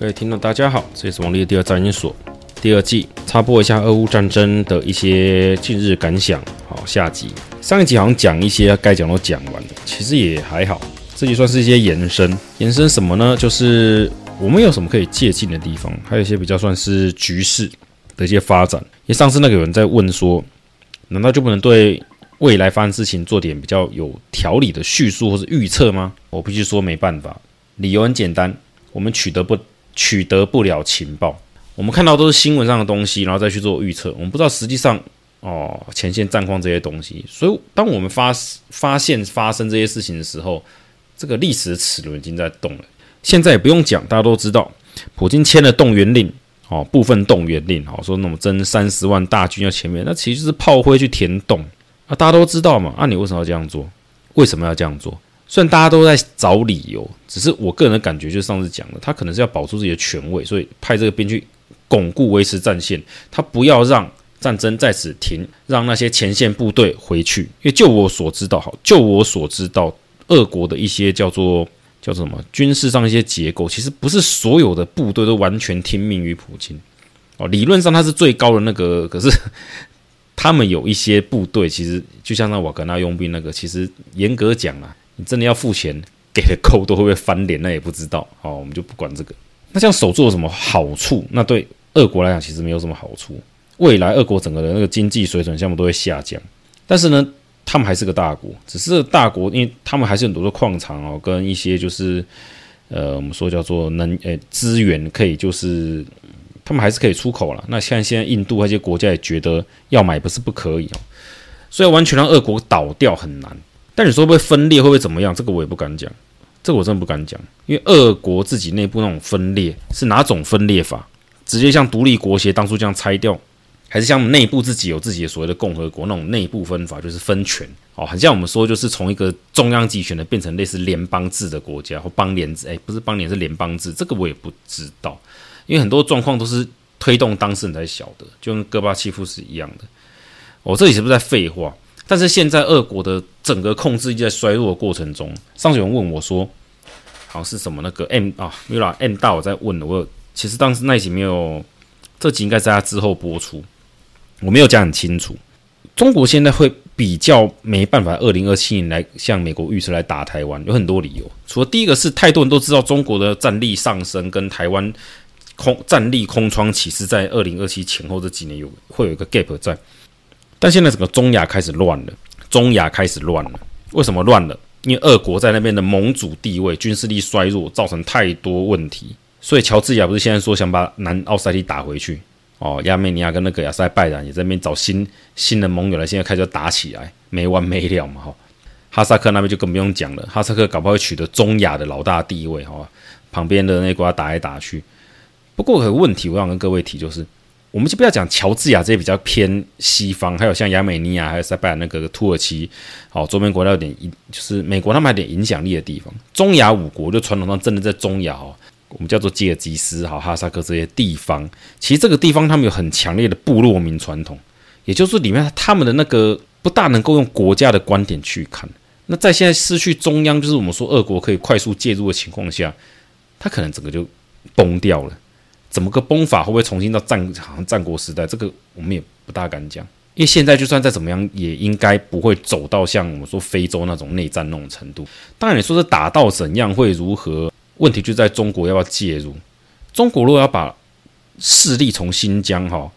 各位聽眾，大家好，這裡是王立第二戰研所，第二季，插播一下俄烏戰爭的一些近日感想。好，下集，上一集好像講一些該講都講完了，其實也還好，這集算是一些延伸。延伸什麼呢？就是我們有什麼可以借鏡的地方，還有一些比較算是局勢的一些發展。因為上次那個有人在問說，難道就不能對未來發生事情做點比較有條理的敘述或是預測嗎？我必須說沒辦法，理由很簡單，我們取得不。取得不了情報，我們看到的都是新聞上的東西，然後再去做預測。我們不知道實際上哦，前線戰況這些東西。所以，當我們發發現發生這些事情的時候，這個歷史的齒輪已經在動了。現在也不用講，大家都知道，普京簽了動員令，哦，部分動員令，哦，說那麼徵三十萬大軍要前面，那其實就是炮灰去填洞。啊，大家都知道嘛。那、啊、你為什麼要這樣做？為什麼要這樣做？雖然大家都在找理由，只是我個人的感覺，就上次講的，他可能是要保住自己的權位，所以派這個兵去鞏固、維持戰線，他不要讓戰爭在此停，讓那些前線部隊回去。因為就我所知道，好，就我所知道，俄國的一些叫做叫做什麼軍事上一些結構，其實不是所有的部隊都完全聽命於普京哦。理論上他是最高的那個，可是他們有一些部隊，其實就像那瓦格納傭兵那個，其實嚴格講啊。你真的要付錢給的扣都會不會翻臉，那也不知道哦。我們就不管這個。那像手做有什麼好處，那對俄國來講其實沒有什麼好處。未來俄國整個的那個經濟水準項目都會下降。但是呢，他們還是個大國，只是大國，因為他們還是很多的礦場哦，跟一些就是呃，我們說叫做能呃資、欸、源可以就是他們還是可以出口啦。那像現在印度那些國家也覺得要買不是不可以哦，所以完全讓俄國倒掉很難。但你說會不會分裂，會不會怎麼樣？這個我也不敢講，這個我真的不敢講，因為俄國自己內部那種分裂是哪種分裂法？直接像獨立國協當初這樣拆掉，還是像內部自己有自己的所謂的共和國那種內部分法，就是分權哦，很像我們說就是從一個中央集權的變成類似聯邦制的國家或邦聯制？誒、欸，不是邦聯是聯邦制，這個我也不知道，因為很多狀況都是推動當事人才曉得，就跟戈巴契夫是一樣的。我、哦、這裡是不是在廢話？但是現在俄國的。整個控制力在衰弱的過程中。上次有人問我說好：“好像是什麼那個 M 啊沒有啦，M 大我在問了。我有其實當時那集沒有，這集應該在他之後播出，我沒有講很清楚。中國現在會比較沒辦法，二零二七年來向美國預測來打台灣，有很多理由。除了第一個是太多人都知道中國的戰力上升，跟台灣空戰力空窗其實在二零二七前後這幾年有會有一個 gap 在，但現在整個中亞開始亂了。”中亞開始亂了，為什麼亂了？因為俄國在那邊的盟主地位、軍事力衰弱，造成太多問題。所以喬治亞不是現在說想把南奧塞梯打回去？哦，亞美尼亞跟那個亞塞拜然也在那邊找新新的盟友了，現在開始要打起來，沒完沒了嘛！哈，哈薩克那邊就更不用講了，哈薩克搞不好取得中亞的老大地位，哈、哦，旁邊的那國打來打去。不過有個問題，我想跟各位提就是。我們就不要講喬治亞這些比較偏西方，還有像亞美尼亞、還有塞拜爾那個土耳其，好、哦、周邊國家有點，就是美國他們有點影響力的地方。中亞五國就傳統上真的在中亞哦，我們叫做吉爾吉斯、好哈薩克這些地方，其實這個地方他們有很強烈的部落民傳統，也就是裡面他們的那個不大能夠用國家的觀點去看。那在現在失去中央，就是我們說俄國可以快速介入的情況下，他可能整個就崩掉了。怎麼個崩法？會不會重新到戰，好像戰國時代？這個我們也不大敢講，因為現在就算再怎麼樣，也應該不會走到像我們說非洲那種內戰那種程度。當然你說是打到怎樣會如何？問題就在中國要不要介入？中國如果要把勢力從新疆哈、哦、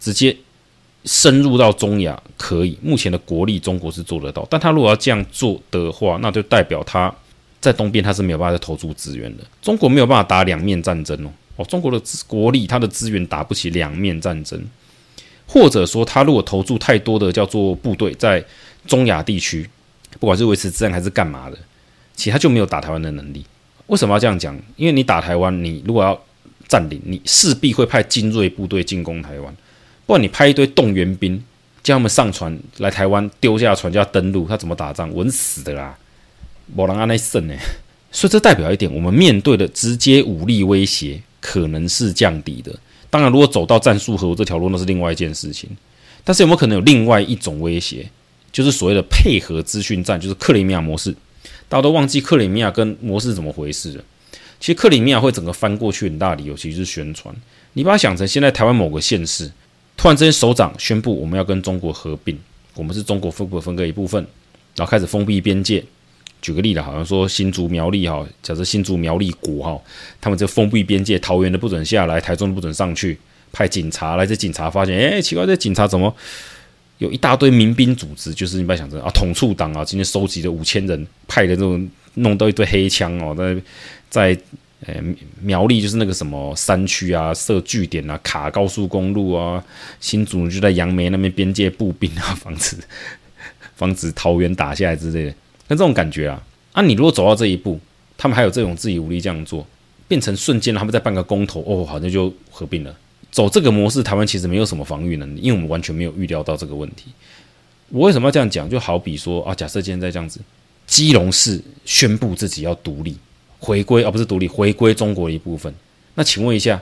直接深入到中亞，可以，目前的國力中國是做得到。但他如果要這樣做的話，那就代表他在東邊他是沒有辦法再投注資源的。中國沒有辦法打兩面戰爭哦。哦，中國的國力，它的資源，打不起兩面戰爭，或者說，他如果投注太多的叫做部隊在中亞地區，不管是維持治安還是幹嘛的，其他就沒有打台灣的能力。為什麼要這樣講？因為你打台灣，你如果要占領，你勢必會派精銳部隊進攻台灣。不管你派一堆動員兵，叫他們上船來台灣，丟下船就要登陸，他怎麼打仗？穩死的啦！沒人安得勝呢，所以這代表一點，我們面對的直接武力威脅。可能是降低的，當然，如果走到戰術核這條路，那是另外一件事情。但是有沒有可能有另外一種威脅，就是所謂的配合資訊戰，就是克里米亞模式？大家都忘記克里米亞跟模式是怎麼回事了。其實克里米亞會整個翻過去很大理由，其實是宣傳。你把它想成現在台灣某個縣市，突然之間首長宣布我們要跟中國合併，我們是中國分部分割一部分，然後開始封閉邊界。舉個例子，好像說新竹苗栗哈，假設新竹苗栗國，哈，他們就封閉邊界，桃園的不准下來，台中不准上去，派警察來。這警察發現，哎、欸，奇怪，這警察怎麼有一大堆民兵組織？就是你不要想着啊，統促黨啊，今天收集了五千人，派的這種，弄到一堆黑槍哦，在在、欸、苗栗就是那個什麼山區啊，設據點啊，卡高速公路啊，新竹就在楊梅那邊邊界，步兵啊，防止防止桃園打下來之類的。那這種感覺啊，啊，你如果走到這一步，他們還有這種自以為力這樣做，變成瞬間，他們再辦個公投，哦，好像就合併了。走這個模式，台灣其實沒有什麼防禦能力，因為我們完全沒有預料到這個問題。我為什麼要這樣講？就好比說啊，假設現在這樣子，基隆市宣布自己要獨立回歸，而、啊、不是獨立回歸中國的一部分，那請問一下，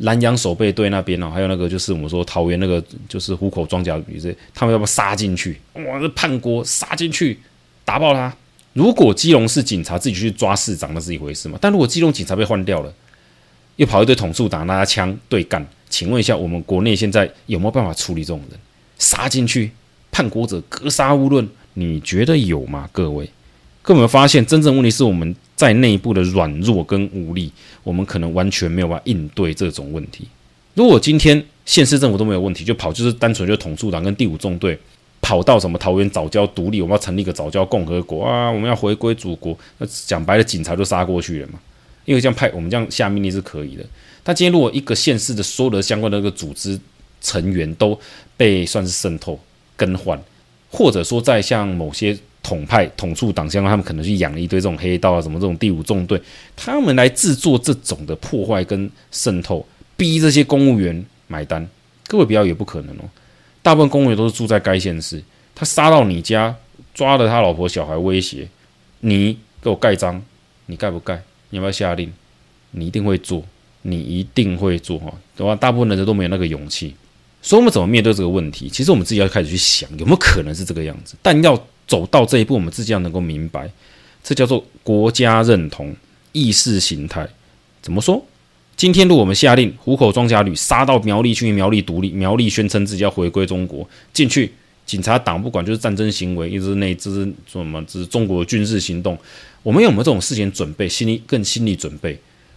蘭陽守備隊那邊哦，還有那個就是我們說桃園那個就是湖口裝甲旅這，他們要不要殺進去？我這叛國殺進去！打爆他！如果基隆是警察自己去抓市長，那是一回事嘛？但如果基隆警察被換掉了，又跑一堆統促黨拿槍對幹，請問一下，我們國內現在有沒有辦法處理這種人？殺進去，叛國者格殺勿論，你覺得有嗎？各位，各位有沒有發現，真正問題是我們在內部的軟弱跟無力，我們可能完全沒有辦法應對這種問題。如果今天縣市政府都沒有問題，就跑就是單純就統促黨跟第五縱隊。跑到什麼桃園藻礁獨立，我們要成立一個藻礁共和國啊！我們要回歸祖國。那講白了，警察就殺過去了嘛。因為這樣派我們這樣下命令是可以的。但今天如果一個縣市的所有的相關的個組織成員都被算是滲透更換，或者說在像某些統派、統促黨相關，他們可能去養了一堆這種黑道啊，什麼這種第五縱隊，他們來制作這種的破壞跟滲透，逼這些公務員買單，各位不要也不可能哦。大部分公務員都是住在該縣市，他殺到你家，抓了他老婆小孩，威脅你，給我蓋章，你蓋不蓋？你要不要下令，你一定會做，你一定會做，哈！對吧？大部分人都沒有那個勇氣，所以我們怎麼面對這個問題？其實我們自己要開始去想，有沒有可能是這個樣子？但要走到這一步，我們自己要能夠明白，這叫做國家認同、意識形態，怎麼說？今天，如果我們下令虎口裝甲旅殺到苗栗去，苗栗獨立，苗栗宣稱自己要回歸中國。進去，警察黨不管，就是戰爭行為，是一直那就是、什麼，這、就是中國的軍事行動。我們有沒有這種事先準備，心理更心理準備？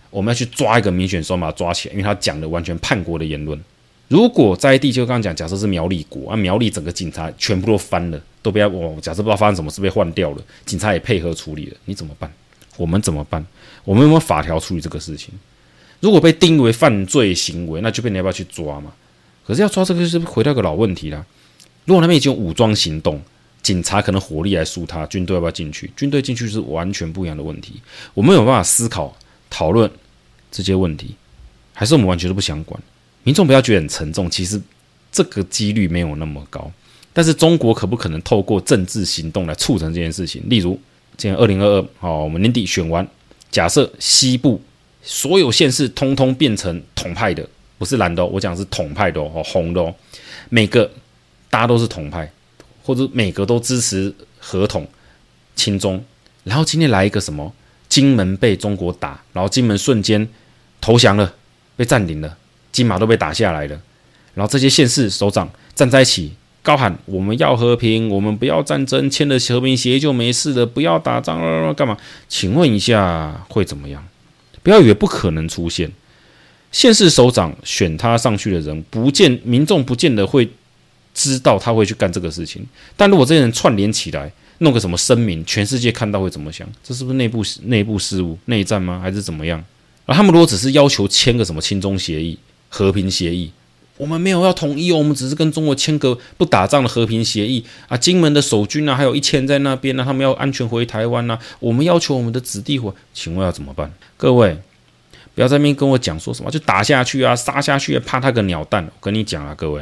我們要去抓一個民選首長把它抓起來，因為他講的完全叛國的言論。如果在地球剛講，假設是苗栗國那、啊、苗栗整個警察全部都翻了，都不要我假設不知道發生什麼，是被換掉了，警察也配合處理了，你怎麼辦？我們怎麼辦？我們有沒有法條處理這個事情？如果被定為犯罪行為，那就變你要不要去抓嘛？可是要抓這個，就是回到一個老問題啦。如果那邊已經有武裝行動，警察可能火力來輸他，軍隊要不要進去？軍隊進去是完全不一樣的問題。我們有辦法思考、討論這些問題，還是我們完全都不想管？民眾不要覺得很沉重，其實這個幾率沒有那麼高。但是中國可不可能透過政治行動來促成這件事情？例如，今天二零二二，好，我們年底選完，假設西部。所有縣市通通變成統派的，不是藍的哦，我講是統派的哦，紅的哦，每個大家都是統派，或者每個都支持合統、親中。然後今天來一個什麼，金門被中國打，然後金門瞬間投降了，被佔領了，金馬都被打下來了。然後這些縣市首長站在一起，高喊：我們要和平，我們不要戰爭，簽了和平協議就沒事了，不要打仗了，幹嘛？請問一下會怎麼樣？不要以為不可能出現，縣市首長選他上去的人，不見民眾不見得會知道他會去幹這個事情。但如果這些人串聯起來，弄個什麼聲明，全世界看到會怎麼想？這是不是內部內部事務、內戰嗎？還是怎麼樣？而他們如果只是要求簽個什麼親中協議、和平協議？我們沒有要統一哦，我們只是跟中國簽個不打仗的和平協議啊。金門的守軍啊，還有一千在那邊呢、啊，他們要安全回台灣呢、啊。我們要求我們的子弟兵，請問要怎麼辦？各位，不要在那邊跟我講說什麼就打下去啊，殺下去啊，怕他個鳥蛋！我跟你講啊，各位，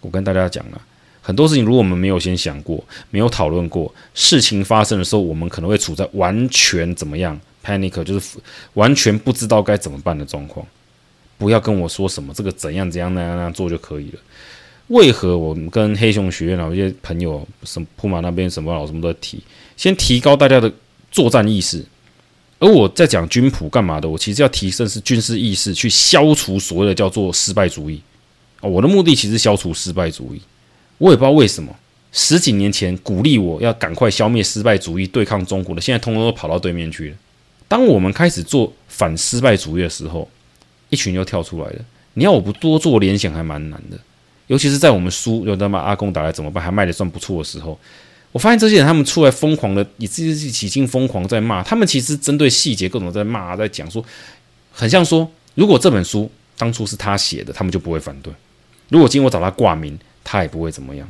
我跟大家講了，很多事情如果我們沒有先想過，沒有討論過，事情發生的時候，我們可能會處在完全怎麼樣？panic，就是完全不知道該怎麼辦的狀況。不要跟我說什麼這個怎樣怎樣那樣那樣做就可以了。為何我們跟黑熊學院一些朋友、什麼鋪馬那邊什麼老什麼都提，先提高大家的作戰意識。而我在講軍譜幹嘛的？我其實要提升是軍事意識，去消除所謂的叫做失敗主義啊。哦，我的目的其實消除失敗主義。我也不知道為什麼十幾年前鼓勵我要趕快消滅失敗主義、對抗中國的，現在通通都跑到對面去了。當我們開始做反失敗主義的時候。一群又跳出來了，你要我不多做聯想還蠻難的，尤其是在我們書有的把阿共打來怎麼辦，還賣得算不錯的時候，我發現這些人他們出來瘋狂的，以自自起勁瘋狂在罵，他們其實針對細節各種在罵，在講說，很像說，如果這本書當初是他寫的，他們就不會反對；如果今天我找他掛名，他也不會怎麼樣；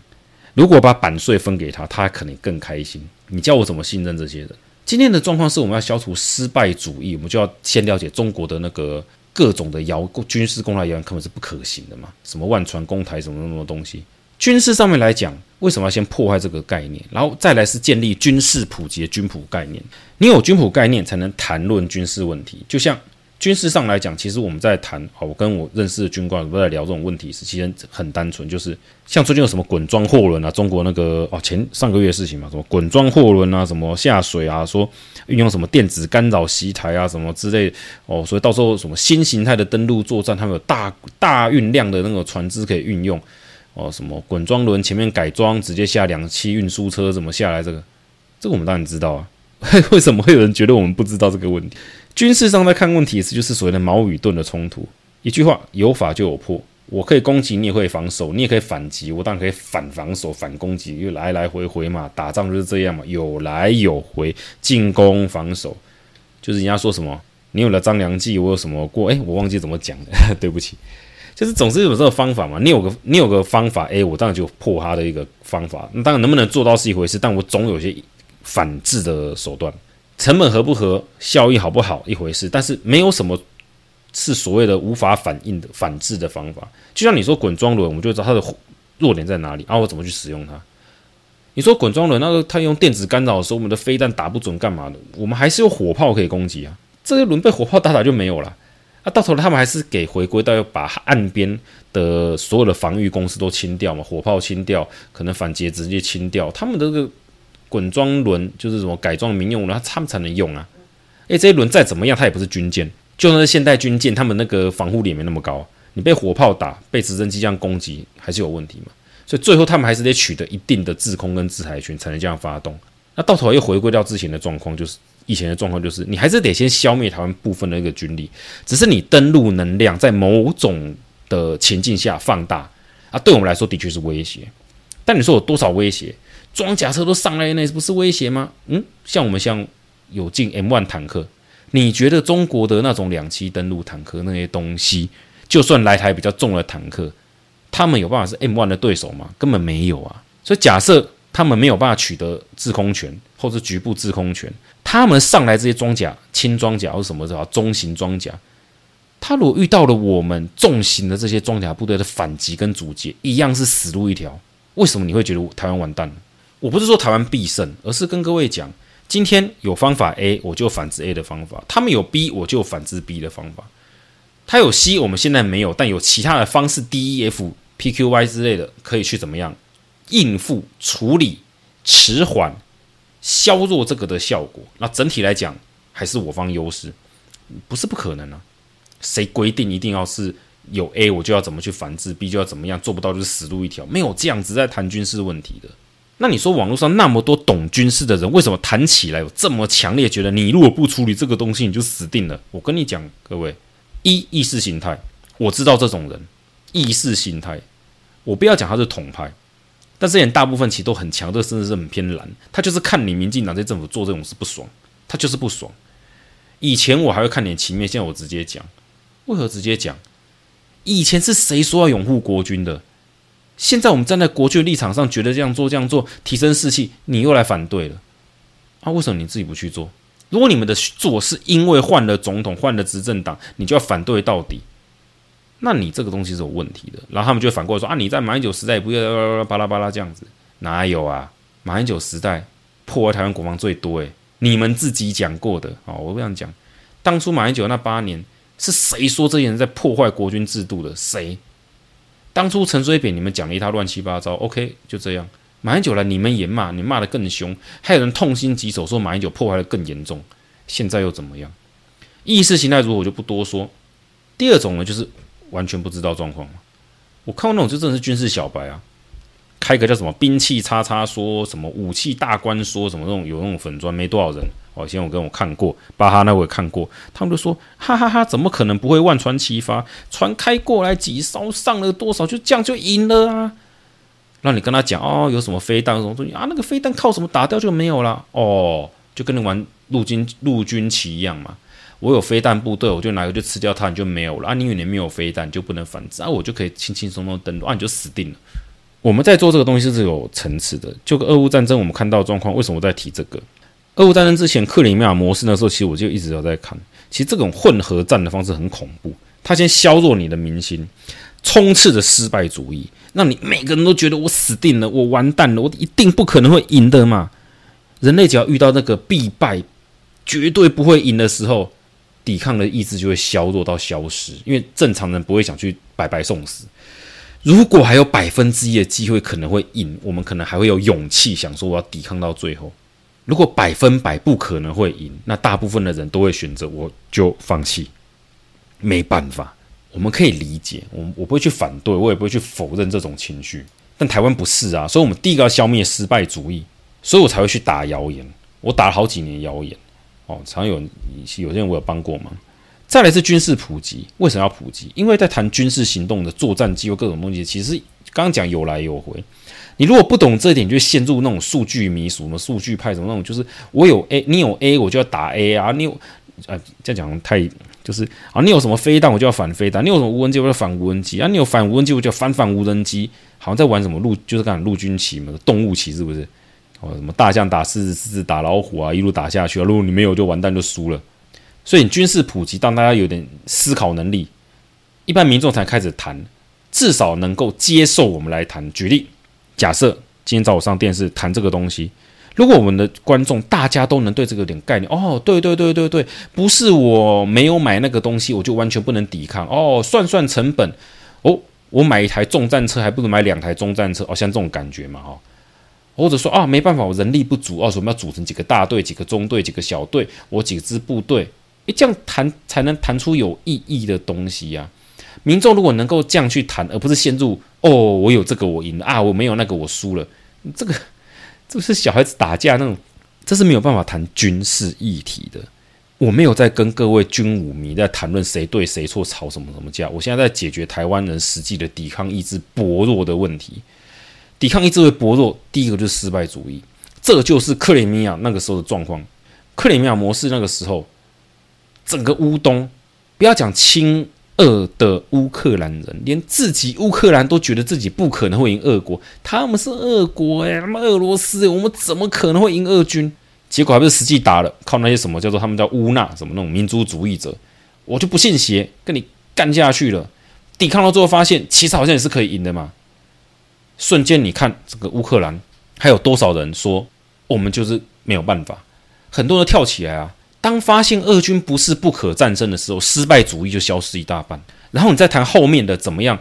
如果把版稅分給他，他可能更開心。你叫我怎麼信任這些人？今天的狀況是我們要消除失敗主義，我們就要先了解中國的那個。各種的謠軍事攻台謠言根本是不可行的嘛。什麼萬船攻台什麼什麼東西？軍事上面來講，為什麼要先破壞這個概念，然後再來是建立軍事普及的軍普概念？你有軍普概念，才能談論軍事問題。就像。軍事上來講，其實我們在談，哦，我跟我認識的軍官都在聊這種問題是，其實很單純，就是像最近有什麼滾裝貨輪啊，中國那個哦前上個月的事情嘛，什麼滾裝貨輪啊，什麼下水啊，說運用什麼電子干擾襲台啊，什麼之類哦，所以到時候什麼新形態的登陸作戰，他們有大大運量的那個船只可以運用哦，什麼滾裝輪前面改裝直接下兩棲運輸車，怎麼下來？這個，這個我們當然知道啊，為什麼會有人覺得我們不知道這個問題？軍事上在看問題是就是所謂的矛與盾的衝突。一句話，有法就有破。我可以攻擊，你也可以防守，你也可以反擊，我當然可以反防守、反攻擊，又來來回回嘛，打仗就是這樣嘛，有來有回，進攻、防守，就是人家說什麼，你有了張良計，我有什麼過？哎，我忘記怎麼講了，對不起。就是總是有這個方法嘛，你有個你有個方法，哎，我當然就破他的一個方法。那當然能不能做到是一回事，但我總有些反制的手段。成本合不合，效益好不好一回事，但是沒有什麼是所謂的無法反應的反制的方法。就像你說滾裝輪，我們就知道它的弱點在哪裡啊，我怎麼去使用它？你說滾裝輪那個，它用電子干擾的時候，我們的飛彈打不準幹嘛的？我們還是有火炮可以攻擊啊，這一輪被火炮打打就沒有了啊。到頭來他們還是給回歸到要把岸邊的所有的防禦工事都清掉嘛，火炮清掉，可能反劫直接清掉，他們的、那個。滾裝輪就是什麼改裝民用輪，它他們才能用啊？哎、欸，這些輪再怎麼樣，它也不是軍艦。就算是現代軍艦，他們那個防護力也沒那麼高。你被火炮打，被直升機這樣攻擊，還是有問題嘛？所以最後他們還是得取得一定的制空跟制海權，才能這樣發動。那到頭又回歸到之前的狀況，就是以前的狀況，就是你還是得先消滅台灣部分的一個軍力，只是你登陸能量在某種的情境下放大啊，對我們來說的確是威脅。但你說有多少威脅？裝甲車都上來，那不是威脅嗎？嗯，像我們像有進 M1 坦克，你覺得中國的那種兩棲登陸坦克那些東西，就算來台比較重的坦克，他們有辦法是 M1 的對手嗎？根本沒有啊。所以假設他們沒有辦法取得制空權或者局部制空權，他們上來這些裝甲、輕裝甲或什麼的啊，中型裝甲，他如果遇到了我們重型的這些裝甲部隊的反擊跟阻截，一樣是死路一條。為什麼你會覺得台灣完蛋了？我不是說台灣必勝，而是跟各位講，今天有方法 A，我就反制 A 的方法；他們有 B，我就反制 B 的方法；他有 C，我們現在沒有，但有其他的方式 D、E、F、P、Q、Y 之類的，可以去怎麼樣應付、處理、遲緩、削弱這個的效果。那整體來講，還是我方優勢，不是不可能啊。誰規定一定要是有 A，我就要怎麼去反制 B，就要怎麼樣？做不到就是死路一條，沒有這樣子在談軍事問題的。那你說網絡上那麼多懂軍事的人，為什麼談起來有這麼強烈？覺得你如果不處理這個東西，你就死定了。我跟你講，各位，一意識形態，我知道這種人，意識形態，我不要講他是統派，但這點大部分其實都很強，這甚至是很偏藍。他就是看你民進黨在政府做這種事不爽，他就是不爽。以前我還會看點情面，現在我直接講。為何直接講？以前是誰說要擁護國軍的？現在我們站在國際的立場上，覺得這樣做，這樣做提升士氣，你又來反對了，那、啊、為什麼你自己不去做？如果你們的做是因為換了總統，換了執政黨，你就要反對到底，那你這個東西是有問題的。然後他們就反過來說：啊，你在馬英九時代也不要巴拉巴拉這樣子，哪有啊？馬英九時代破壞台灣國防最多誒、欸，你們自己講過的啊，我不想講，當初馬英九那八年是誰說這些人在破壞國軍制度的？誰？當初陳水扁你們講了一套亂七八糟，OK，就這樣。馬英九來你們也罵，你罵得更凶，還有人痛心疾首，說馬英九破壞得更嚴重。現在又怎麼樣？意識形態如何，我就不多說。第二種呢，就是完全不知道狀況嘛。我看過那種，就真的是軍事小白啊，開個叫什麼兵器叉叉，說什麼武器大觀說，說什麼那種有那種粉專，沒多少人。我、哦、先我跟我看過，巴哈那我也看過，他們就說哈，哈哈哈，怎麼可能不會萬船齊發？船開過來幾艘，上了多少，就這樣就贏了啊！讓你跟他講哦，有什麼飛彈什麼東西啊？那個飛彈靠什麼打掉就沒有了哦？就跟你玩陸軍陸軍棋一樣嘛。我有飛彈部隊，我就拿一個就吃掉它，你就沒有了啊！你以為你沒有飛彈，你就不能反制啊！我就可以輕輕鬆鬆登陸啊，你就死定了。我們在做這個東西是有層次的，就跟俄烏戰爭我們看到的狀況，為什麼我在提這個？俄烏戰爭之前，克里米亞模式的時候，其實我就一直有在看。其實這種混合戰的方式很恐怖，它先削弱你的民心，充斥着失敗主義，讓你每個人都覺得我死定了，我完蛋了，我一定不可能會贏的嘛。人類只要遇到那個必敗、絕對不會贏的時候，抵抗的意志就會削弱到消失。因為正常人不會想去白白送死。如果還有百分之一的機會可能會贏，我們可能還會有勇氣想說我要抵抗到最後。如果百分百不可能會贏，那大部分的人都會選擇我就放棄，沒辦法。我們可以理解，我我不會去反對，我也不會去否認這種情緒。但台灣不是啊，所以，我們第一個要消滅失敗主義，所以我才會去打謠言。我打了好幾年謠言，哦，常有有些人我有幫過嗎？再來是軍事普及，為什麼要普及？因為在談軍事行動的作戰機會，各種東西，其實剛剛講有來有回。你如果不懂這一點，就陷入那種數據迷什麼數據派什麼那種，就是我有 A，你有 A，我就要打 A 啊，你有，啊，這樣講太就是啊，你有什麼飛彈我就要反飛彈，你有什麼無人機我就要反無人機啊，你有反無人機我就要反反無人機，好像在玩什麼陸就是剛才陸軍棋嘛，動物棋是不是？哦，什麼大象打獅子，獅子打老虎啊，一路打下去啊，如果你沒有就完蛋就輸了。所以你軍事普及，讓大家有點思考能力，一般民眾才開始談，至少能夠接受我們來談，舉例。假設今天找我上電視談這個東西，如果我們的觀眾大家都能對這個有點概念哦，對對對對對，不是我沒有買那個東西，我就完全不能抵抗哦。算算成本哦，我買一台重戰車，還不如買兩台中戰車哦，像這種感覺嘛哈、哦。或者說啊、哦，沒辦法，我人力不足啊，哦、我們要組成幾個大隊、幾個中隊、幾個小隊，我幾個支部隊，誒、欸，這樣談才能談出有意義的東西呀、啊。民眾如果能夠這樣去談，而不是陷入。哦，我有這個我贏了啊，我沒有那個我輸了。這個這是小孩子打架那種，這是沒有辦法談軍事議題的。我沒有在跟各位軍武迷在談論誰對誰錯、吵什麼什麼架。我現在在解決台灣人實際的抵抗意志薄弱的問題。抵抗意志會薄弱，第一個就是失敗主義。這個就是克里米亞那個時候的狀況，克里米亞模式那個時候，整個烏東，不要講輕俄的烏克蘭人連自己烏克蘭都覺得自己不可能會贏俄國，他們是俄國哎、欸，他媽俄羅斯、欸、我們怎麼可能會贏俄軍？結果還不是實際打了，靠那些什麼叫做他們叫烏納什麼那種民族主義者，我就不信邪，跟你幹下去了，抵抗了之後發現其實好像也是可以贏的嘛。瞬間你看，這個烏克蘭還有多少人說我們就是沒有辦法，很多人跳起來啊。當發現俄軍不是不可戰勝的時候，失敗主義就消失一大半。然後你再談後面的怎麼樣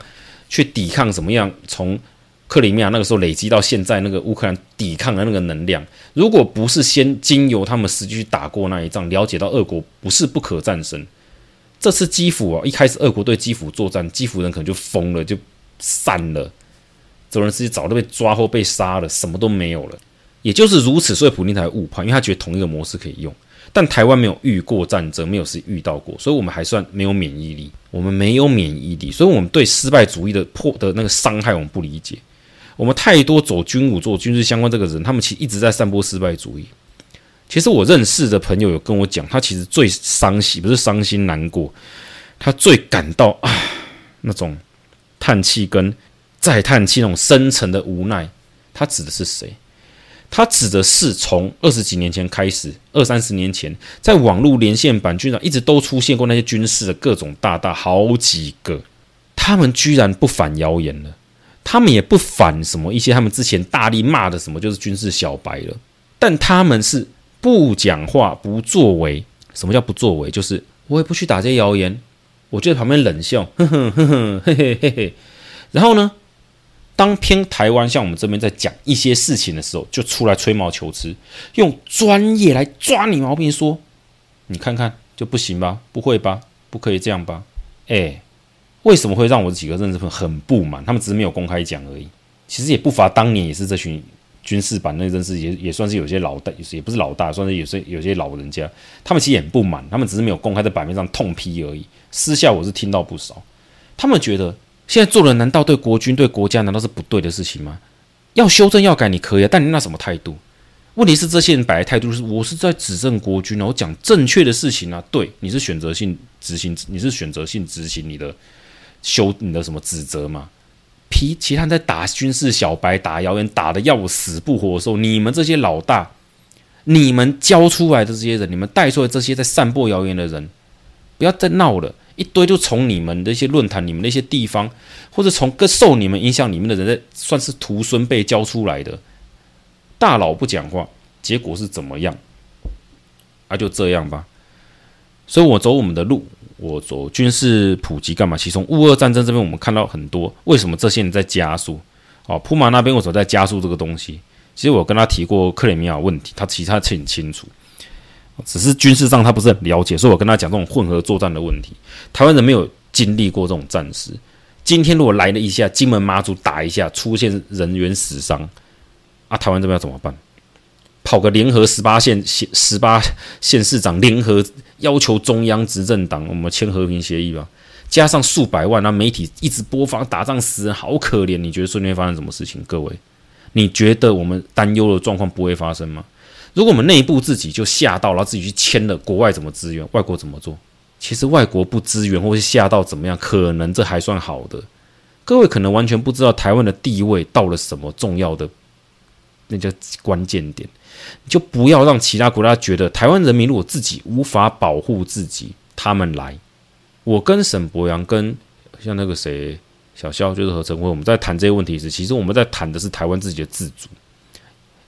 去抵抗，怎麼樣從克里米亞那個時候累積到現在那個烏克蘭抵抗的那個能量，如果不是先經由他們實際去打過那一仗，了解到俄國不是不可戰勝，這次基輔啊，一開始俄國對基輔作戰，基輔人可能就瘋了，就散了，這種人自己早就被抓或被殺了，什麼都沒有了。也就是如此，所以普丁才誤判，因為他覺得同一個模式可以用。但台灣沒有遇過戰爭，沒有是遇到過，所以我們還算沒有免疫力。我們沒有免疫力，所以我們對失敗主義的破的那個傷害，我們不理解。我們太多走軍武、做軍事相關這個人，他們其實一直在散播失敗主義。其實我認識的朋友有跟我講，他其實最傷心，不是傷心難過，他最感到啊那種嘆氣跟再嘆氣那種深沉的無奈。他指的是誰？他指的是從二十幾年前開始，二三十年前，在網絡連線版軍上一直都出現過那些軍事的各種大大好幾個，他們居然不反謠言了，他們也不反什麼一些他們之前大力罵的什麼就是軍事小白了，但他們是不講話不作為，什麼叫不作為？就是我也不去打這些謠言，我就在旁邊冷笑，哼哼哼嘿嘿嘿嘿，然後呢？當偏台灣像我們這邊在講一些事情的時候，就出來吹毛求疵，用專業來抓你毛病說，說你看看就不行吧？不會吧？不可以這樣吧？誒、欸，為什麼會讓我幾個認識朋友很不滿？他們只是沒有公開講而已。其實也不乏當年也是這群軍事版那陣子也也算是有些老大，也是也不是老大，算是有些有些老人家，他們其實很不滿，他們只是沒有公開在版面上痛批而已。私下我是聽到不少，他們覺得。現在做人難道對國軍對國家難道是不對的事情嗎？要修正要改你可以啊，但你那什麼態度？問題是這些人擺的態度是，我是在指正國軍啊，我講正確的事情啊。對，你是選擇性執行，你是選擇性執行你的修你的什麼指責嗎？皮，其他人在打軍事小白、打謠言打的要死不活的時候，你們這些老大，你們教出來的這些人，你們帶出來這些在散播謠言的人，不要再鬧了。一堆就從你們的一些論壇、你們那些地方，或者從跟受你們影響、你們的人在算是徒孫輩教出來的大佬不講話，結果是怎麼樣？啊，就這樣吧。所以我走我們的路，我走軍事普及幹嘛？其實從烏俄戰爭這邊，我們看到很多為什麼這些人在加速。哦，普馬那邊我走在加速這個東西，其實我跟他提過克里米亞問題，他其實他很清楚。只是軍事上他不是很了解，所以我跟他講這種混合作戰的問題。台灣人沒有經歷過這種戰事，今天如果來了一下金門馬祖打一下，出現人員死傷，啊，台灣這邊要怎麼辦？跑個聯合十八縣縣十八縣市長聯合要求中央執政黨，我們簽和平協議吧。加上數百萬那媒體一直播放打仗死人好可憐，你覺得瞬間發生什麼事情？各位，你覺得我們擔憂的狀況不會發生嗎？如果我們內部自己就嚇到，然後自己去簽了，國外怎麼支援？外國怎麼做？其實外國不支援，或是嚇到怎麼樣？可能這還算好的。各位可能完全不知道台灣的地位到了什麼重要的那叫關鍵點，就不要讓其他國家覺得台灣人民如果自己無法保護自己，他們來。我跟沈伯洋跟像那個誰小蕭就是何澄輝，我們在談這些問題時，其實我們在談的是台灣自己的自主，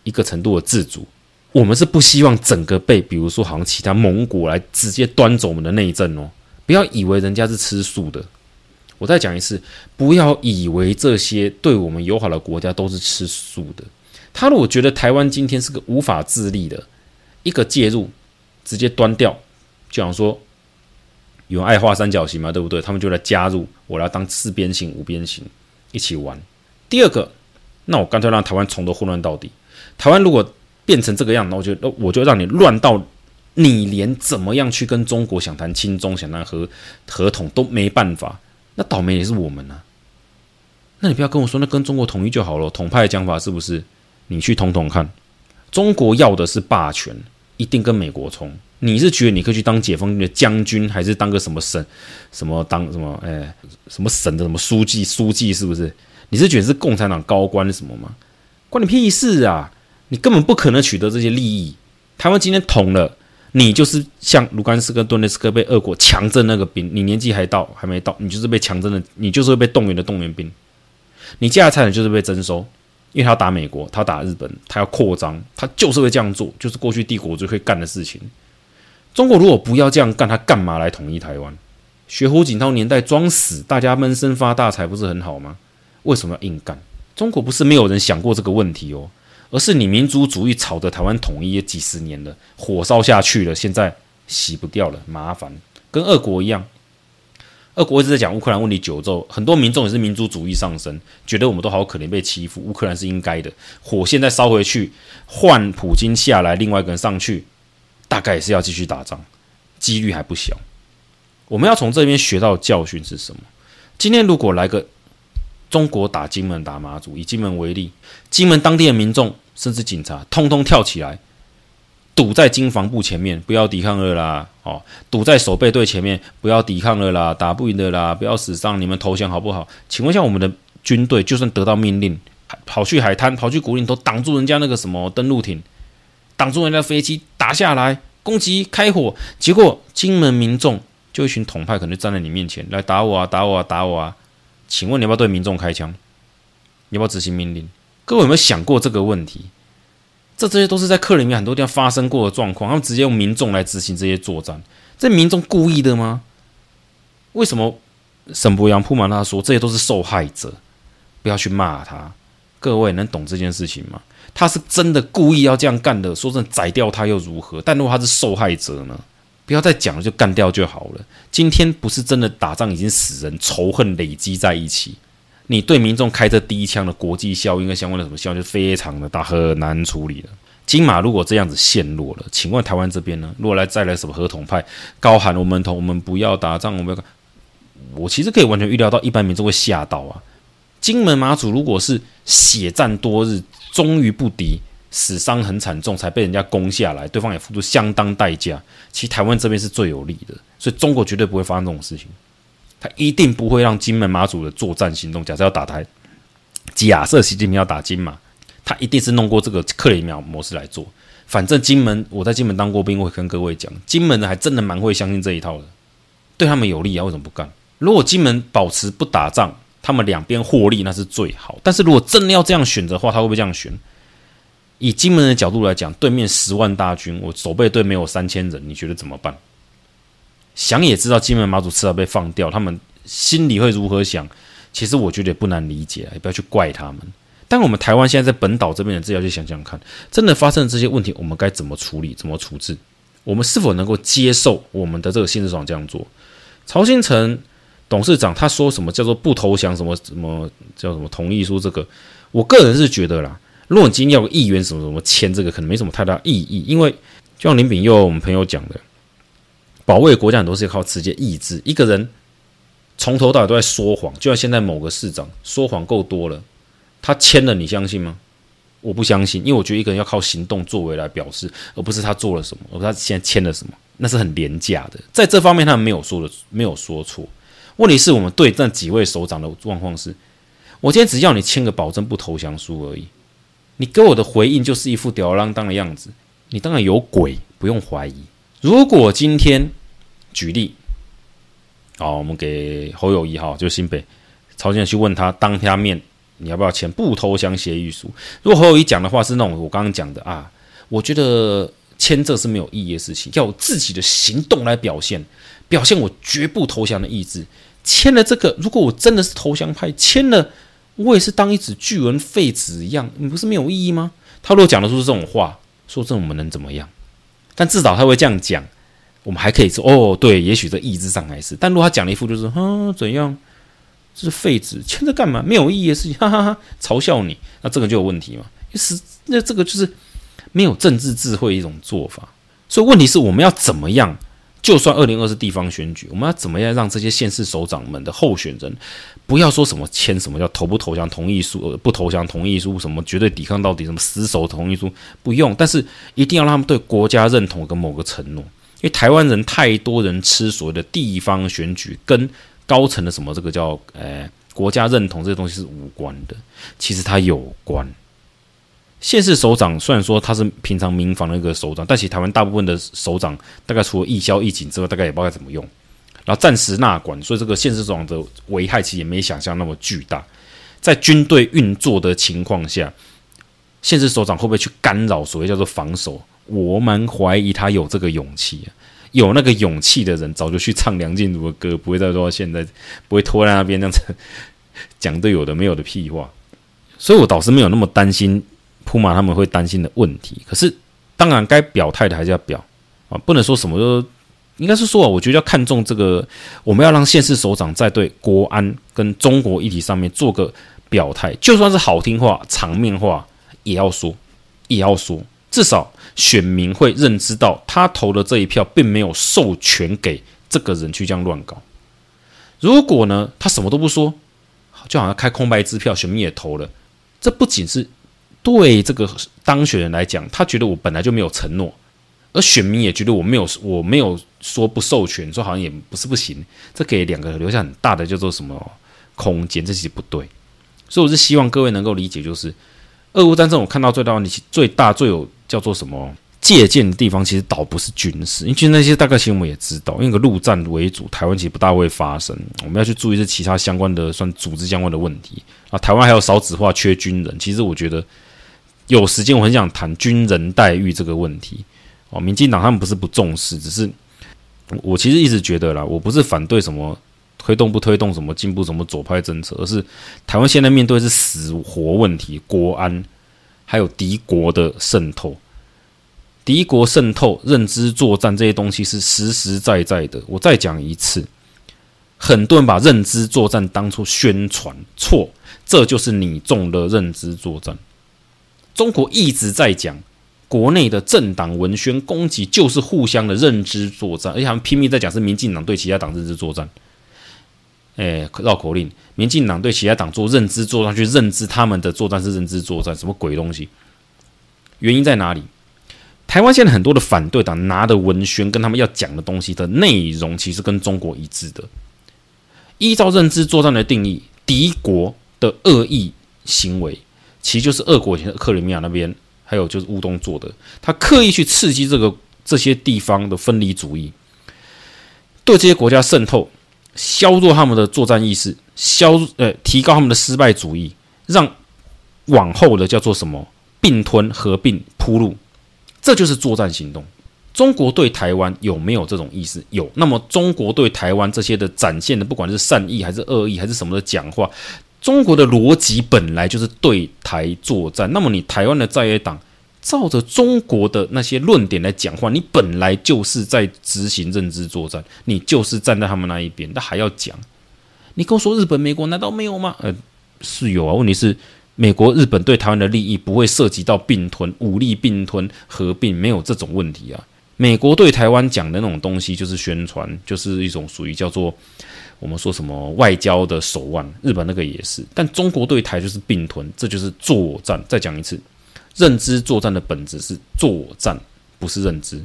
一個程度的自主。我們是不希望整個被，比如說好像其他盟國來直接端走我們的內政哦。不要以為人家是吃素的。我再講一次，不要以為這些對我們友好的國家都是吃素的。他如果覺得台灣今天是個無法自立的，一個介入直接端掉，就想說有愛畫三角形嘛，對不對？他們就來加入，我來當四邊形、五邊形一起玩。第二個，那我乾脆讓台灣從頭混亂到底。台灣如果。變成這個樣子，我就我就讓你亂到，你連怎麼樣去跟中國想談親中想談、想談和和統，都沒辦法，那倒霉也是我們啊。那你不要跟我說，那跟中國統一就好了。統派講法是不是？你去統統看，中國要的是霸權，一定跟美國衝。你是覺得你可以去當解放軍的將軍，還是當個什麼省什麼當什麼哎、欸、什麼省的什麼書記？書記是不是？你是覺得是共產黨高官什麼嗎？關你屁事啊！你根本不可能取得這些利益。台灣今天統了你，就是像盧甘斯克跟頓涅斯克被俄國強徵那個兵，你年紀還到還沒到，你就是被強徵的，你就是被動員的動員兵。你家財產就是被徵收，因為他打美國，他打日本，他要擴張，他就是會這樣做，就是過去帝國最會幹的事情。中國如果不要這樣幹，他幹嘛來統一台灣？學胡錦濤年代裝死，大家悶聲發大財不是很好嗎？為什麼要硬幹？中國不是沒有人想過這個問題哦。而是你民族主義炒著台灣統一也幾十年了，火燒下去了，現在洗不掉了，麻煩。跟俄國一樣，俄國一直在講烏克蘭問題久了，很多民眾也是民族主義上升，覺得我們都好可憐被欺負，烏克蘭是應該的。火現在燒回去，換普京下來，另外一個人上去，大概也是要繼續打仗，幾率還不小。我們要從這邊學到教訓是什麼？今天如果來個。中國打金門，打馬祖。以金門為例，金門當地的民眾甚至警察，通通跳起來，堵在金防部前面，不要抵抗了啦！哦，堵在守備隊前面，不要抵抗了啦，打不贏的啦，不要死傷，你們投降好不好？請問一下，我們的軍隊就算得到命令，跑去海灘，跑去古寧頭，擋住人家那個什麼登陸艇，擋住人家飛機打下來，攻擊開火，結果金門民眾就一群統派，可能站在你面前來打我啊，打我啊，打我啊！請問你要不要對民眾開槍？你要不要執行命令？各位有沒有想過這個問題？這這些都是在克里米亞很多地方發生過的狀況，他們直接用民眾來執行這些作戰。這民眾故意的嗎？為什麼沈伯洋 Puma 他說這些都是受害者？不要去罵他。各位能懂這件事情嗎？他是真的故意要這樣幹的。說真的，宰掉他又如何？但如果他是受害者呢？不要再講了，就幹掉就好了。今天不是真的打仗，已經死人，仇恨累積在一起。你對民眾開這第一槍的國際效應跟相關的什麼效應就非常的大，很難處理了。金馬如果這樣子陷落了，請問台灣這邊呢？如果來再來什麼合統派，高喊我們同我們不要打仗，我們要我其實可以完全預料到一般民眾會嚇到啊。金門馬祖如果是血戰多日，終於不敵。死傷很慘重，才被人家攻下來，對方也付出相當代價。其實台灣這邊是最有利的，所以中國絕對不會發生這種事情。他一定不會讓金門馬祖的作戰行動。假設要打台，假設習近平要打金馬，他一定是弄過這個克里米亞模式來做。反正金門，我在金門當過兵，我會跟各位講，金門的還真的蠻會相信這一套的，對他們有利啊，為什麼不幹？如果金門保持不打仗，他們兩邊獲利那是最好。但是如果真的要這樣選擇的話，他會不會這樣選？以金門的角度來講，對面十萬大軍，我守備隊沒有三千人，你覺得怎麼辦？想也知道，金門馬祖遲早被放掉，他們心裡會如何想？其實我覺得也不難理解，也不要去怪他們。但我們台灣現在在本島這邊的，只要去想想看，真的發生的這些問題，我們該怎麼處理？怎麼處置？我們是否能夠接受我們的這個新市長這樣做？曹興誠董事長他說，什麼叫做不投降？什麼什麼叫什麼同意書這個？我個人是覺得啦。如果你今天要個議員什麼什麼簽這個，可能沒什麼太大意義。因為就像林炳佑我們朋友講的，保衛國家很多是要靠直接意志。一個人從頭到尾都在說謊，就像現在某個市長說謊夠多了，他簽了，你相信嗎？我不相信，因為我覺得一個人要靠行動作為來表示，而不是他做了什麼，而不是他現在簽了什麼，那是很廉價的。在這方面，他沒有說的，沒有說錯。問題是我們對那幾位首長的狀況是，我今天只要你簽個保證不投降書而已。你給我的回應就是一副吊兒郎當的樣子，你當然有鬼，不用懷疑。如果今天舉例，好，我們給侯友宜哈，就新北朝先去問他當他面，你要不要簽不投降協議書？如果侯友宜講的話是那種我剛剛講的啊，我覺得簽這是沒有意義的事情，要我自己的行動來表現，表現我絕不投降的意志。簽了這個，如果我真的是投降派，簽了。我也是當一紙具文廢紙一樣，你不是沒有意義嗎？他如果講的出是這種話，說這種我們能怎麼樣？但至少他會這樣講，我們還可以說哦，對，也許這意志上還是。但如果他講了一副就是哼怎樣，這、就是廢紙，簽這幹嘛？沒有意義的事情，哈,哈哈哈！嘲笑你，那這個就有問題嘛？是那這個就是沒有政治智慧一種做法。所以問題是我們要怎麼樣？就算二零二四地方選舉，我們要怎麼樣讓這些縣市首長們的候選人，不要說什麼簽什麼叫投不投降，同意書不投降，同意書什麼絕對抵抗到底，什麼死守同意書不用，但是一定要讓他們對國家認同跟某個承諾，因為台灣人太多人吃所謂的地方選舉跟高層的什麼這個叫呃、哎、國家認同這些東西是無關的，其實它有關。現市首長雖然說他是平常民防的一個首長，但其實台灣大部分的首長大概除了義消、義警之外，大概也不知道怎麼用。然後暫時納管，所以這個現市首長的危害其實也沒想象那麼巨大。在軍隊運作的情況下，現市首長會不會去干擾所謂叫做防守？我蠻懷疑他有這個勇氣，啊，有那個勇氣的人早就去唱梁靜茹的歌，不會再說到現在，不會拖在那邊這樣子講的有的沒有的屁話。所以我倒是沒有那麼擔心。鋪馬他們會擔心的問題，可是當然該表態的還是要表啊，不能說什麼都，應該是說啊，我覺得要看重這個，我們要讓縣市首長在對國安跟中國議題上面做個表態，就算是好聽話、場面話也要說，也要說，至少選民會認知到他投的這一票並沒有授權給這個人去這樣亂搞。如果呢，他什麼都不說，就好像開空白支票，選民也投了，這不僅是。對這個當選人來講，他覺得我本來就沒有承諾，而選民也覺得我沒有，我沒有說不授權，說好像也不是不行，這給兩個留下很大的叫做什麼空間，這其實不對。所以我是希望各位能夠理解，就是俄烏戰爭我看到最大的、最大最有叫做什麼借鑒的地方，其實倒不是軍事，因為那些大概我們也知道，因為個陸戰為主，台灣其實不大會發生。我們要去注意是其他相關的，算組織相關的問題啊。台灣還有少子化、缺軍人，其實我覺得。有時間我很想談軍人待遇這個問題哦，民進黨他們不是不重視，只是我其實一直覺得啦，我不是反對什麼推動不推動什麼進步什麼左派政策，而是台灣現在面對是死活問題、國安還有敵國的滲透、敵國滲透、認知作戰，這些東西是實實在在在的。我再講一次，很多人把認知作戰當做宣傳。錯，這就是你中的認知作戰。中國一直在講國內的政黨文宣攻擊就是互相的認知作戰，而且他們拼命在講是民進黨對其他黨認知作戰。哎，繞口令，民進黨對其他黨做認知作戰，去認知他們的作戰是認知作戰，什麼鬼東西？原因在哪裡？台灣現在很多的反對黨拿的文宣跟他們要講的東西的內容，其實跟中國一致的。依照認知作戰的定義，敵國的惡意行為。其實就是俄國克里米亞那邊，還有就是烏東做的，他刻意去刺激這個這些地方的分離主義，對這些國家滲透，削弱他們的作戰意識，削呃提高他們的失敗主義，讓往後的叫做什麼併吞合併鋪路，這就是作戰行動。中國對台灣有沒有這種意思？有。那麼中國對台灣這些的展現的，不管是善意還是惡意還是什麼的講話。中國的邏輯本來就是對台作戰，那麼你台灣的在野黨照着中國的那些論點來講話，你本來就是在執行認知作戰，你就是站在他們那一邊，那還要講，你跟我說日本、美國難道沒有嗎？呃，是有啊。問題是美國、日本對台灣的利益不會涉及到併吞、武力併吞、合併，沒有這種問題啊。美國對台灣講的那種東西就是宣傳，就是一種屬於叫做。我們說什麼外交的手腕，日本那個也是，但中國對台就是併吞，這就是作戰。再講一次，認知作戰的本質是作戰，不是認知，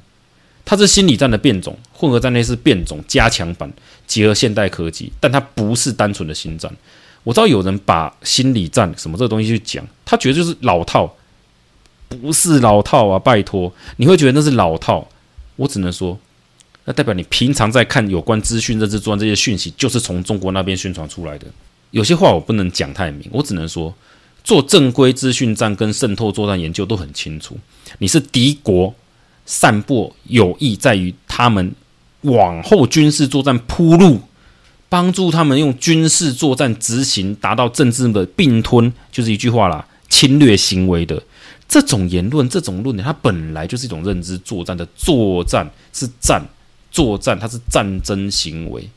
它是心理戰的變種，混合戰那是變種加強版，結合現代科技，但它不是單純的心戰。我知道有人把心理戰什麼這個東西去講，他覺得就是老套，不是老套啊，拜託，你會覺得那是老套，我只能說。那代表你平常在看有關資訊、認知作戰這些訊息，就是從中國那邊宣傳出來的。有些話我不能講太明，我只能說，做正規資訊戰跟滲透作戰研究都很清楚。你是敵國散佈，有意在於他們往後軍事作戰鋪路，幫助他們用軍事作戰執行達到政治的併吞，就是一句話啦，侵略行為的這種言論、這種論點，它本來就是一種認知作戰的作戰，是戰。作戰，它是戰爭行為，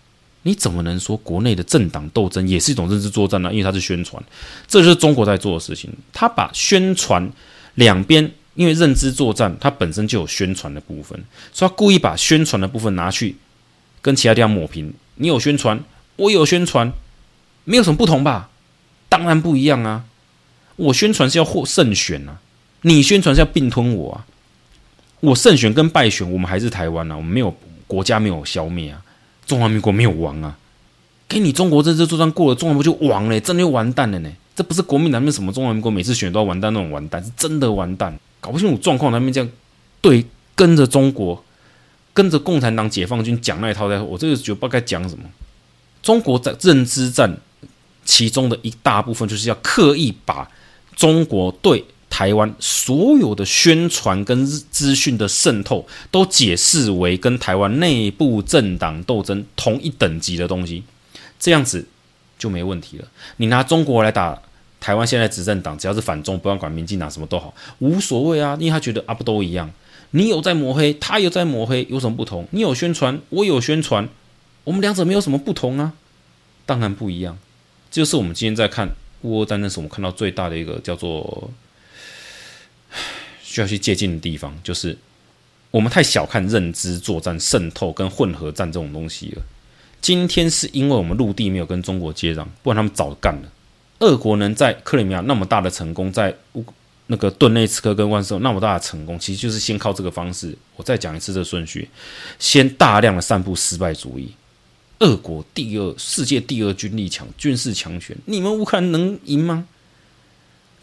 你怎麼能說國內的政黨鬥爭也是一種認知作戰呢？因為它是宣傳，這就是中國在做的事情。他把宣傳兩邊，因為認知作戰它本身就有宣傳的部分，所以他故意把宣傳的部分拿去跟其他地方抹平。你有宣傳，我有宣傳，沒有什麼不同吧？當然不一樣啊！我宣傳是要獲勝選啊，你宣傳是要併吞我啊。我勝選跟敗選，我們還是台灣啊，我們沒有。國家沒有消滅啊，中華民國沒有亡啊！給你中國這次作戰過了，中華民國不就亡了，欸，真的就完蛋了呢，欸！這不是國民黨那什麼中華民國每次選都要完蛋那種完蛋，是真的完蛋。搞不清楚狀況，他們這樣對跟着中國、跟着共產黨、解放軍講那一套在，在我這個就不該講什麼。中國在認知戰其中的一大部分，就是要刻意把中國對。台灣所有的宣傳跟資訊的滲透，都解釋為跟台灣內部政黨鬥爭同一等級的東西，這樣子就沒問題了。你拿中國來打台灣現在執政黨，只要是反中，不要管，管民進黨什麼都好，無所謂啊，因為他覺得啊不都一樣。你有在抹黑，他有在抹黑，有什麼不同？你有宣傳，我有宣傳，我們兩者沒有什麼不同啊？當然不一樣，就是我們今天在看俄烏戰爭時，我們看到最大的一個叫做。就要去借鏡的地方，就是我們太小看認知作戰、滲透跟混合戰這種東西了。今天是因為我們陸地沒有跟中國接壤，不然他們早幹了。俄國能在克里米亞那麼大的成功，在烏那個頓內茨克跟萬斯那麼大的成功，其實就是先靠這個方式。我再講一次這個順序：先大量的散布失敗主義。俄國第二，世界第二軍力強，軍事強權，你們烏克蘭能贏嗎？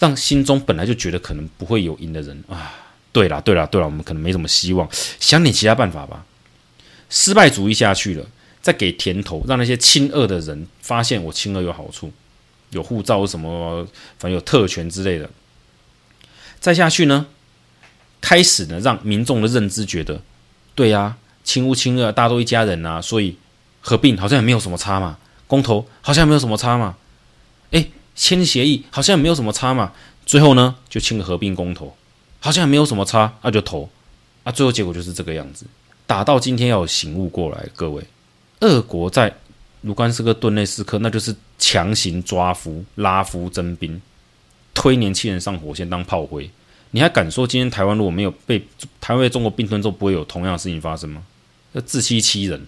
讓心中本來就覺得可能不會有贏的人啊，對啦，對啦，對啦，我們可能沒什麼希望，想點其他辦法吧。失敗主義下去了，再給甜頭，讓那些親俄的人發現我親俄有好處，有護照什麼，反正有特權之類的。再下去呢，開始呢，讓民眾的認知覺得，對呀，親烏親俄，大家都一家人吶、啊，所以合併好像也沒有什麼差嘛，公投好像也沒有什麼差嘛，誒。簽協議好像也沒有什麼差嘛，最後呢，就簽個合併公投，好像也沒有什麼差，那、啊、就投，啊，最後結果就是這個樣子。打到今天要有醒悟過來，各位，俄國在盧甘斯克、頓內斯克，那就是強行抓夫，拉夫、徵兵，推年輕人上火線當炮灰。你還敢說今天台灣如果沒有被台灣被中國併吞，就不會有同樣的事情發生嗎？要自欺欺人，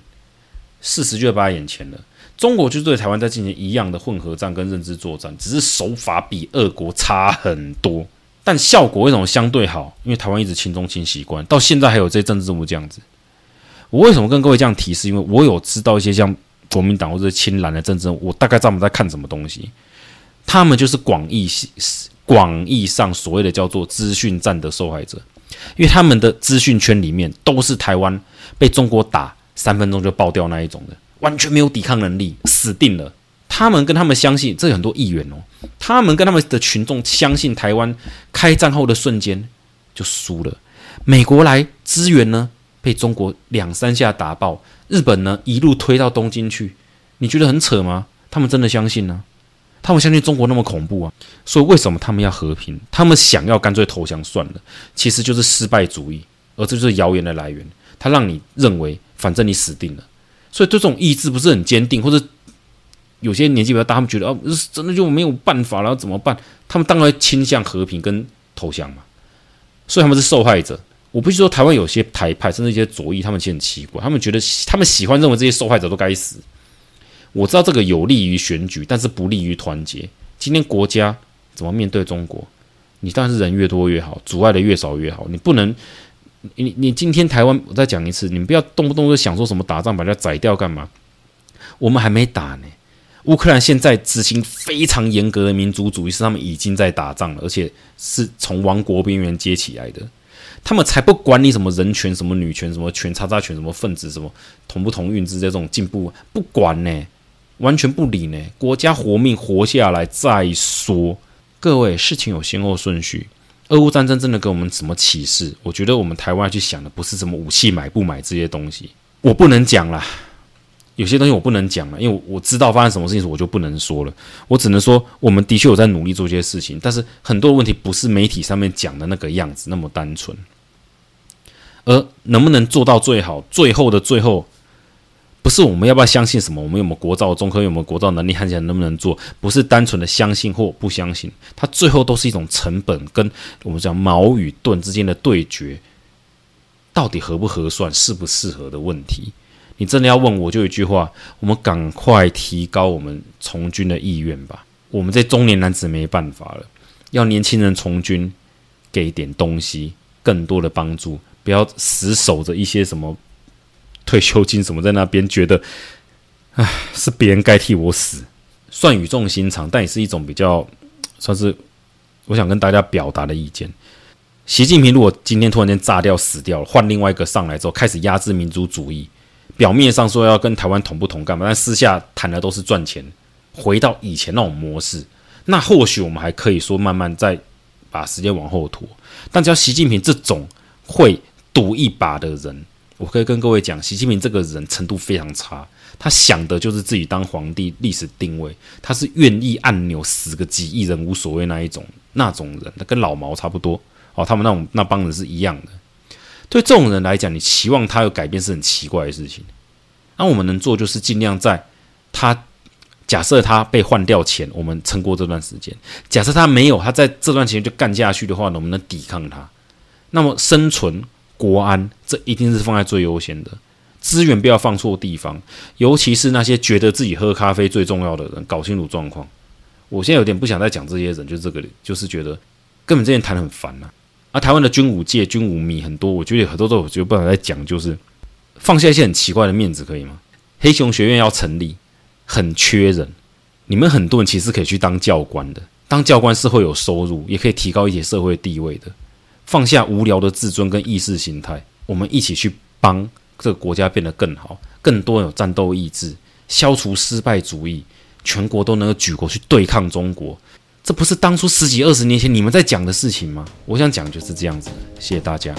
事實就擺在眼前了。中國就對台灣在進行一樣的混合戰跟認知作戰，只是手法比俄國差很多，但效果為什麼相對好？因為台灣一直親中親習慣，到現在還有這些政治人物這樣子。我為什麼跟各位這樣提示？因為我有知道一些像國民黨或者親藍的政治，我大概知道他們在看什麼東西。他們就是廣義廣義上所謂的叫做資訊戰的受害者，因為他們的資訊圈裡面都是台灣被中國打三分鐘就爆掉那一種的。完全沒有抵抗能力，死定了。他們跟他們相信，這有很多議員哦，他們跟他們的群眾相信，台灣開戰後的瞬間就輸了。美國來支援呢，被中國兩三下打爆。日本呢，一路推到東京去。你覺得很扯嗎？他們真的相信呢、啊？他們相信中國那麼恐怖啊？所以為什麼他們要和平？他們想要乾脆投降算了？其實就是失敗主義，而這就是謠言的來源。他讓你認為，反正你死定了。所以，對這種意志不是很堅定，或者有些年紀比較大，他們覺得啊、哦，真的就沒有辦法了，然後怎麼辦？他們當然會傾向和平跟投降嘛。所以他們是受害者。我必須說台灣有些台派，甚至一些左翼，他們其實很奇怪，他們覺得他們喜歡認為這些受害者都該死。我知道這個有利於選舉，但是不利於團結。今天國家怎麼面對中國？你當然是人越多越好，阻礙的越少越好。你不能。你你今天台灣，我再講一次，你們不要動不動就想說什麼打仗，把它宰掉幹嘛？我們還沒打呢。烏克蘭現在執行非常嚴格的民族主義，是他們已經在打仗了，而且是從王國邊緣接起來的。他們才不管你什麼人權、什麼女權、什麼權叉叉權、什麼分子、什麼同不同運之這種進步，不管呢，完全不理呢。國家活命活下來再說。各位，事情有先後順序。俄烏戰爭真的給我們什麼啟示？我覺得我們台灣去想的不是什麼武器買不買這些東西，我不能講啦。有些東西我不能講啦，因為我知道發生什麼事情我就不能說了。我只能說，我們的確有在努力做這些事情，但是很多問題不是媒體上面講的那個樣子那麼單純。而能不能做到最好，最後的最後。不是我們要不要相信什麼？我們有沒有國造？中科院有沒有國造能力？看起來能不能做？不是單純的相信或不相信，它最後都是一種成本，跟我們講矛與盾之間的對決，到底合不合算，適不適合的問題。你真的要問我，就一句話：我們趕快提高我們從軍的意願吧。我們這中年男子沒辦法了，要年輕人從軍，給點東西，更多的幫助，不要死守着一些什麼，退休金什麼在那邊覺得，唉，是別人該替我死，算語重心長，但也是一種比較，算是我想跟大家表達的意見。習近平如果今天突然間炸掉死掉了，換另外一個上來之後，開始壓制民族主義，表面上說要跟台灣同不同幹嘛，但私下談的都是賺錢，回到以前那種模式，那或許我們還可以說慢慢再把時間往後拖。但只要習近平這種會賭一把的人，我可以跟各位講，習近平這個人程度非常差，他想的就是自己當皇帝，歷史定位，他是願意按鈕死個幾億人無所謂那一種那種人，他跟老毛差不多哦，他們那種那幫人是一樣的。對這種人來講，你期望他有改變是很奇怪的事情。那我們能做就是盡量在他假設他被換掉前，我們撐過這段時間；假設他沒有，他在這段時間就幹下去的話，能不能抵抗他？那麼生存？國安，這一定是放在最優先的資源，不要放錯地方。尤其是那些覺得自己喝咖啡最重要的人，搞清楚狀況。我現在有點不想再講這些人，就是這個，就是覺得根本之前談很煩吶、啊。啊，台灣的軍武界、軍武迷很多，我覺得有很多都我覺得不想再講，就是放下一些很奇怪的面子可以嗎？黑熊學院要成立，很缺人，你們很多人其實可以去當教官的，當教官是會有收入，也可以提高一些社會的地位的。放下無聊的自尊跟意識形態，我們一起去幫這個國家變得更好，更多有戰鬥意志，消除失敗主義，全國都能夠舉國去對抗中國，這不是當初十幾二十年前你們在講的事情嗎？我想講就是這樣子，謝謝大家。